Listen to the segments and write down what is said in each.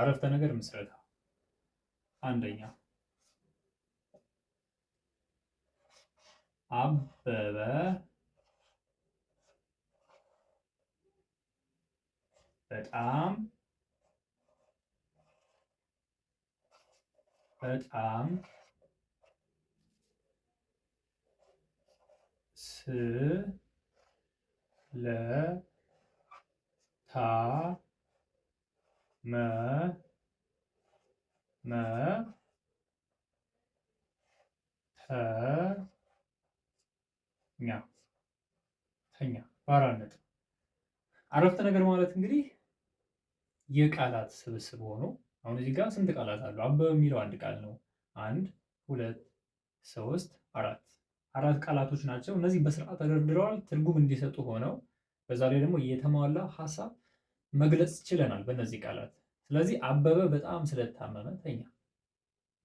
አረፍተ ነገር ምስረታ። አንደኛ አበበ በጣም በጣም ስለታ። ታ መ መ ተ ኛ ተኛ በአራት ነጥብ አረፍተ ነገር ማለት እንግዲህ የቃላት ስብስብ ሆኖ አሁን እዚህ ጋር ስንት ቃላት አሉ? አበበ የሚለው አንድ ቃል ነው። አንድ ሁለት ሶስት አራት አራት ቃላቶች ናቸው። እነዚህ በስርዓት ተደርድረዋል፣ ትርጉም እንዲሰጡ ሆነው በዛ ላይ ደግሞ የተሟላ ሀሳብ መግለጽ ችለናል በእነዚህ ቃላት። ስለዚህ አበበ በጣም ስለታመመ ተኛ።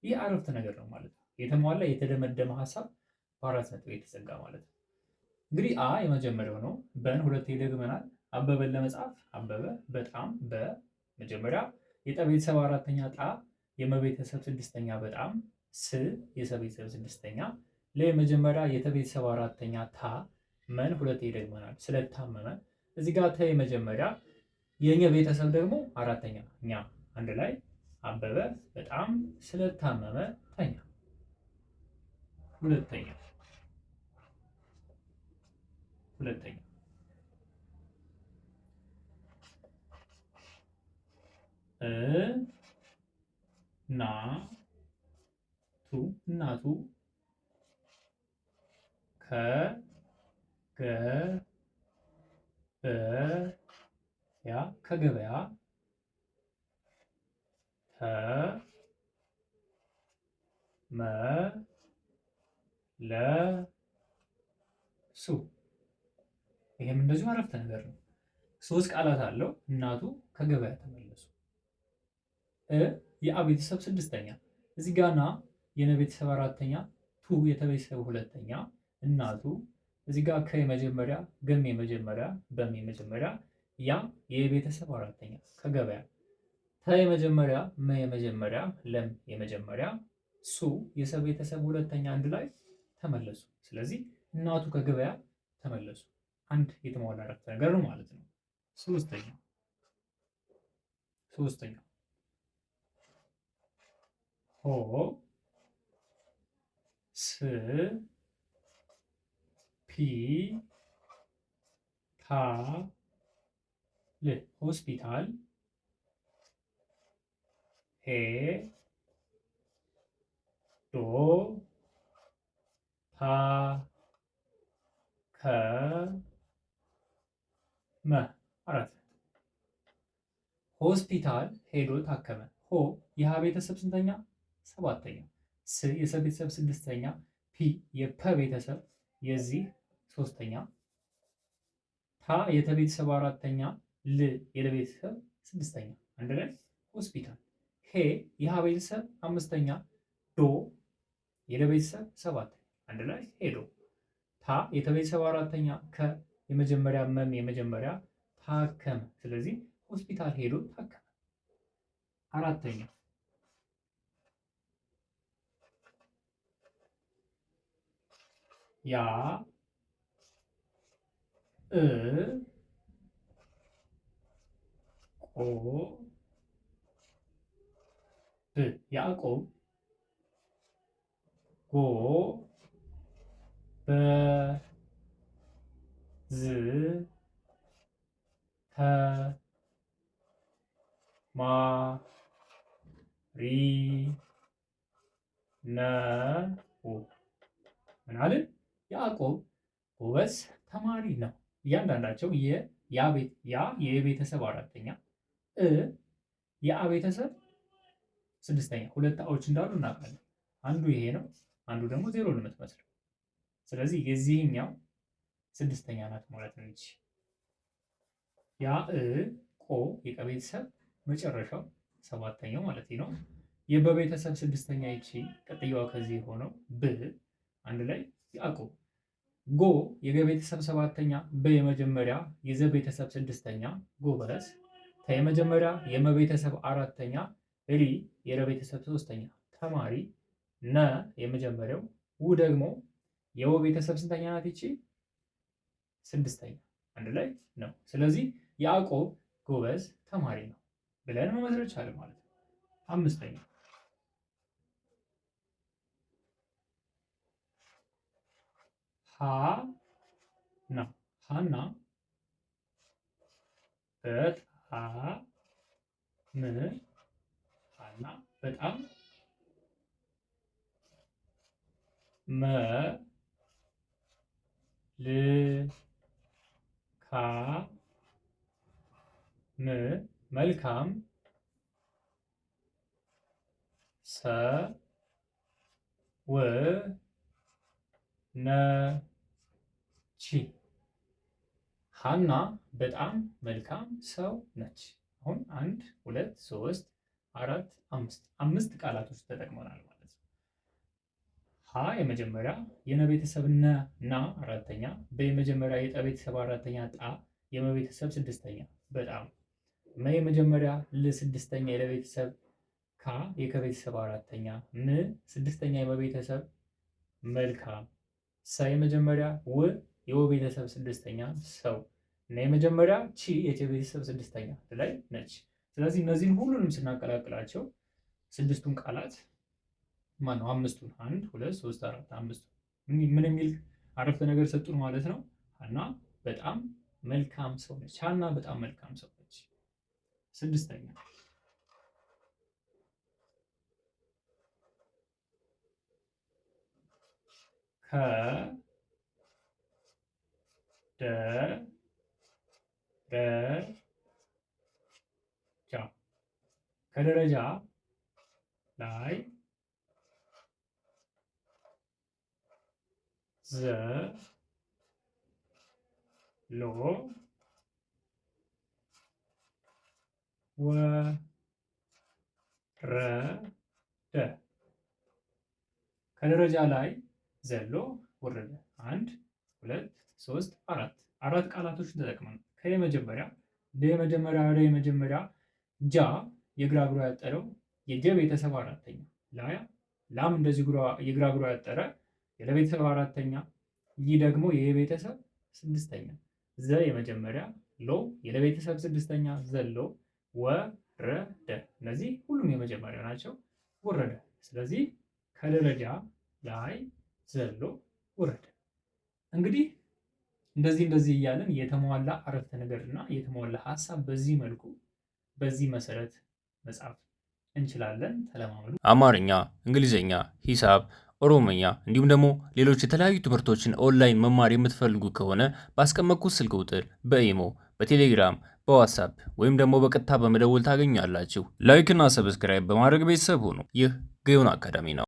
ይህ አረፍተ ነገር ነው ማለት ነው። የተሟላ የተደመደመ ሀሳብ በአራት ነጥብ የተዘጋ ማለት ነው። እንግዲህ አ የመጀመሪያው ነው። በን ሁለቴ ደግመናል። አበበን ለመጻፍ አበበ በጣም በመጀመሪያ የጠ ቤተሰብ አራተኛ ጣ የመቤተሰብ ስድስተኛ በጣም ስ የሰቤተሰብ ስድስተኛ ለ የመጀመሪያ የተቤተሰብ አራተኛ ታ መን ሁለቴ ደግመናል ስለታመመ እዚህ ጋር ተ የመጀመሪያ የእኛ ቤተሰብ ደግሞ አራተኛ እኛ አንድ ላይ አበበ በጣም ስለታመመ ተኛ። ሁለተኛ ሁለተኛ ና ቱ እናቱ በ ያ ከገበያ ተመለሱ። ይህም እንደዚሁ አረፍተ ነገር ነው። ሶስት ቃላት አለው። እናቱ ከገበያ ተመለሱ። እ የአ ቤተሰብ ስድስተኛ እዚህ ጋና የነ ቤተሰብ አራተኛ ቱ የተቤተሰብ ሁለተኛ እናቱ እዚህ ጋር ከየመጀመሪያ ገም የመጀመሪያ በም የመጀመሪያ ያ የቤተሰብ አራተኛ ከገበያ ተ የመጀመሪያ መ የመጀመሪያ ለም የመጀመሪያ ሱ የሰው ቤተሰብ ሁለተኛ አንድ ላይ ተመለሱ። ስለዚህ እናቱ ከገበያ ተመለሱ። አንድ የተሟላ አረፍተ ነገር ነው ማለት ነው። ሶስተኛ ሶስተኛ ሆ ስ ፒ ታ ል ሆስፒታል ሄ ዶ ታ ከ መ አራት ሆስፒታል ሄዶ ታከመ። ሆ የሀ ቤተሰብ ስንተኛ? ሰባተኛ። ስ የሰ ቤተሰብ ስድስተኛ። ፒ የፐ ቤተሰብ የዚህ ሶስተኛ። ታ የተ ቤተሰብ አራተኛ ል የለቤተሰብ ስድስተኛ አንድ ላይ ሆስፒታል። ሄ የሀ ቤተሰብ አምስተኛ። ዶ የለቤተሰብ ሰባት ሰባተኛ አንድ ላይ ሄዶ። ታ የተቤተሰብ አራተኛ። ከ የመጀመሪያ መም የመጀመሪያ ታከመ። ስለዚህ ሆስፒታል ሄዶ ታከመ። አራተኛ ያ እ ኦ ብ ያዕቆብ ጎ በ ዝ ተ ማ ሪ ነ ምን አልን? ያዕቆብ ጎበዝ ተማሪ ነው። እያንዳንዳቸው ያ የቤተሰብ አራተኛ እ የአ ቤተሰብ ስድስተኛ ሁለት አዎች እንዳሉ እናውቃለን። አንዱ ይሄ ነው፣ አንዱ ደግሞ ዜሮ ነው የምትመስለው። ስለዚህ የዚህኛው ስድስተኛ ናት ማለት ነው። እንጂ ያ እ ቆ የቀ ቤተሰብ መጨረሻው ሰባተኛው ማለት ነው። የበቤተሰብ ስድስተኛ ይቺ ቀጥያዋ ከዚህ የሆነው ብ አንድ ላይ ያቆ ጎ የገቤተሰብ ሰባተኛ በ የመጀመሪያ የዘ ቤተሰብ ስድስተኛ ጎበዝ የመጀመሪያ የመቤተሰብ አራተኛ ሪ የረቤተሰብ ሶስተኛ ተማሪ ነ የመጀመሪያው ው ደግሞ የወ ቤተሰብ ስንተኛ ናት ይቺ? ስድስተኛ አንድ ላይ ነው። ስለዚህ ያዕቆብ ጎበዝ ተማሪ ነው ብለን መመስረት ቻለን ማለት ነው። አምስተኛ ና ሀና በጣም ሀ ም ሀና በጣም መ ል ካ ም መልካም ሰ ው ነ ቺ ሀና በጣም መልካም ሰው ነች። አሁን አንድ ሁለት ሶስት አራት አምስት አምስት ቃላቶች ተጠቅመናል ማለት ነው። ሀ የመጀመሪያ የነ ነ ና አራተኛ፣ በየመጀመሪያ የጠ ቤተሰብ አራተኛ፣ ጣ የመቤተሰብ ስድስተኛ በጣም መ የመጀመሪያ ል ስድስተኛ የለቤተሰብ ካ የከቤተሰብ አራተኛ ን ስድስተኛ የመቤተሰብ መልካም ሰ የመጀመሪያ ው የወ ቤተሰብ ስድስተኛ ሰው እና የመጀመሪያ ቺ የቼ ቤተሰብ ስድስተኛ ላይ ነች። ስለዚህ እነዚህን ሁሉንም ስናቀላቅላቸው ስድስቱን ቃላት ማነው አምስቱን አንድ ሁለት ሶስት አራት አምስቱ ምን የሚል አረፍተ ነገር ሰጡን ማለት ነው። ሀና በጣም መልካም ሰው ነች። ሀና በጣም መልካም ሰው ነች። ስድስተኛ ከ ደ ደረጃ ከደረጃ ላይ ዘ ሎ ወረደ ከደረጃ ላይ ዘሎ ወረደ። አንድ ሁለት ሶስት አራት አራት ቃላቶች ተጠቅመን ከየመጀመሪያ ለየመጀመሪያ ለየመጀመሪያ ጃ የግራ እግሯ ያጠረው የጀ ቤተሰብ አራተኛ ላያ ላም እንደዚህ የግራ እግሯ ያጠረ የለቤተሰብ አራተኛ ይህ ደግሞ የቤተሰብ ስድስተኛ ዘ የመጀመሪያ ሎ የለቤተሰብ ስድስተኛ ዘሎ ወረደ እነዚህ ሁሉም የመጀመሪያ ናቸው ወረደ ስለዚህ ከደረጃ ላይ ዘሎ ወረደ እንግዲህ እንደዚህ እንደዚህ እያለን የተሟላ አረፍተ ነገር እና የተሟላ ሀሳብ በዚህ መልኩ በዚህ መሰረት መጻፍ እንችላለን። ተለማመዱ። አማርኛ፣ እንግሊዝኛ፣ ሂሳብ፣ ኦሮምኛ እንዲሁም ደግሞ ሌሎች የተለያዩ ትምህርቶችን ኦንላይን መማር የምትፈልጉ ከሆነ ባስቀመጥኩት ስልክ ቁጥር በኢሞ በቴሌግራም በዋትሳፕ ወይም ደግሞ በቀጥታ በመደወል ታገኛላችሁ። ላይክና ሰብስክራይብ በማድረግ ቤተሰብ ሁኑ። ይህ ገዮን አካዳሚ ነው።